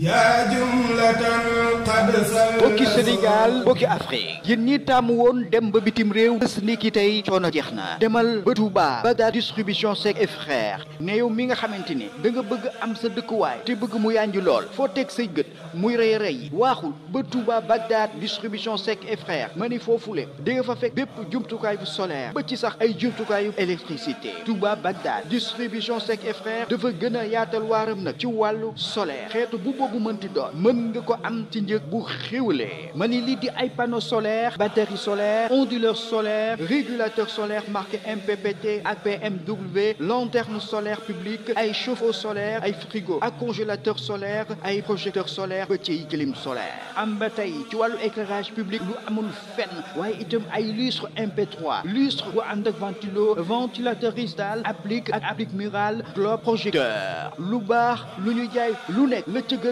yaa jumlatan qad sal mbokki ñi tàmm woon dem ba bitim réew bés ni ki tey coono jeex na demal ba Touba Bagdad distribution Seck et frère ne yow mi nga xamante ni da bëgg am sa dëkkuwaay te bëgg mu yànji lool foo teg say muy rey rey yi waaxul ba Touba Bagdad distribution Seck et ma ni foofule di nga fa fekk bépp jumtukaay bu solaire ba ci sax ay jumtukaayu électricité Touba Bagdad distribution Seck dafa gën a yaatal waaram nag ci wàllu solaire xeetu bu mënti ko am ci njëg bu xiwlee ma ni lii di ay panneau solaire batterie solaire onduleur solaire régulateur solaire marqué MPPT m PMW lanterne solaire publique ay chauffe-eau solaire ay frigo a congélateur solaire ay projecteur solaire petit clim solaire am ba tey ci wàllu éclairage public lu amul fenn waaye itam ay lustre MP3 lustre bu ànd ventilo ventilateur cristal applique applique murale globe projecteur lu baax lu ñu jaay lu nekk la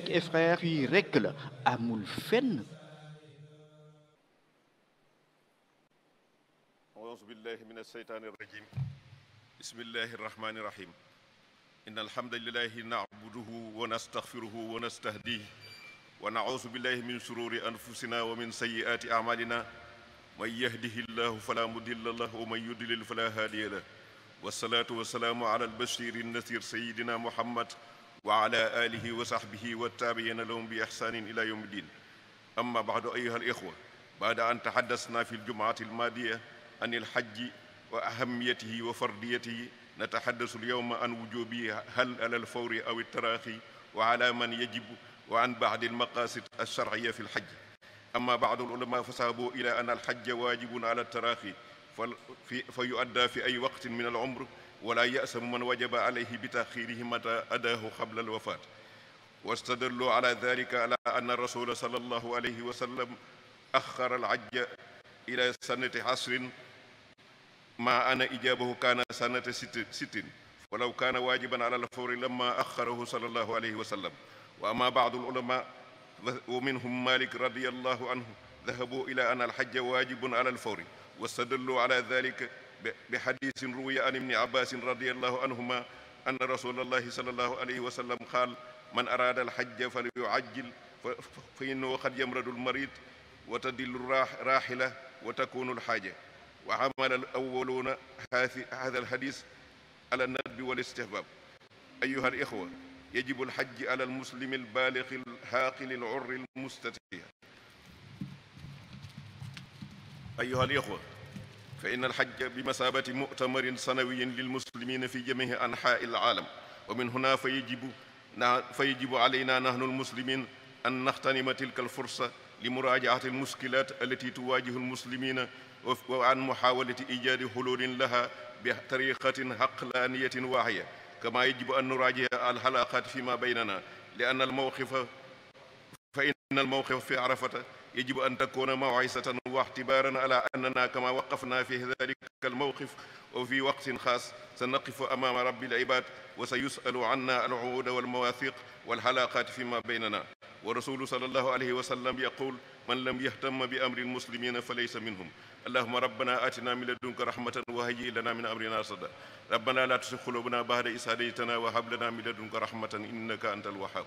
nekk ay frère yi rekk la amul fenn أعوذ بالله من الشيطان الرجيم بسم الله الرحمن الرحيم إن الحمد لله نعبده ونستغفره ونستهديه ونعوذ بالله من شرور أنفسنا ومن سيئات أعمالنا من يهده الله فلا مضل له ومن يضلل فلا هادي له والصلاة والسلام على البشير النذير سيدنا محمد wa ala alihi wa sahbihi wa taabiina lahum bi ihsanin ila yawmi din amma ba'du ayyuha al ixwa baada an taxaddasna fi ljumaati almaadiya an alxajji wa ahamiyatihi wa fardiyatihi nataxaddasu alyawma an wujubihi hal ala alfawri aw altaraaxi wa ala man yajibu wa an baadi almaqasid alsharciya fi lxajj amma baadu alulama fasaabu ila an alxajja waajibun ala altaraaxi fa yuadda fi ay waqtin min alumr wala yasamu man wajaba alayhi bi taxiirihi mata adaahu xabla alwafaat wastadallu ala dalika ala anna rasula sal allahu alayhi wa sallam axara alajja ila sanati asrin ma ana ijaabahu kaana sanata sittin walaw kaana waajiban ala alfawri lama axarahu sal allahu alayhi wa sallam wa ama baadu alulama wa minhum malik radiallahu anhu dahabu ila an alxajja waajibun ala alfawri wastadallu ala dalika bi hadisin ruwiya an ibni abbasin radiallahu anhuma anna rasulallahi sallallahu alayhi wa sallam qaal man araada alhajja fal yuajjil fa innahu qad yamradu almarid wa tadillu rahila wa takunu alhaaja wa amala alawwaluuna hada alhadis ala nadbi walistihbab ayuha alixwa yajibu alhajj ala almuslimi albaaligi alhaaqili alurri almustatii ayuha alixwa fa in alxajja bi masabati mutamarin sanawiyin lilmuslimina fi jamihi anxaai alaalam wa min huna fa yajibu na fa yajibu alayna nahnu almuslimin an naxtanima tilka alfursa li muraajaati almuskilat allati tuwaajihu almuslimina wa an muxaawalati ijaadi xuluulin laha bi tariqatin xaqlaaniyatin waaxiya kama yajibu an nuraajiha alxalaqaat fi ma baynana li anna almawqifa fa in almawqifa fi arafata يجب أن تكون موعظة واعتبارا على أننا كما وقفنا في ذلك الموقف وفي وقت خاص سنقف أمام رب العباد وسيسأل عنا العهود والمواثيق والحلاقات فيما بيننا ورسول صلى الله عليه وسلم يقول من لم يهتم بأمر المسلمين فليس منهم اللهم ربنا آتنا من لدنك رحمة وهيئ لنا من أمرنا رشدا ربنا لا تزغ قلوبنا بعد إذ هديتنا وهب لنا من لدنك رحمة إنك أنت الوهاب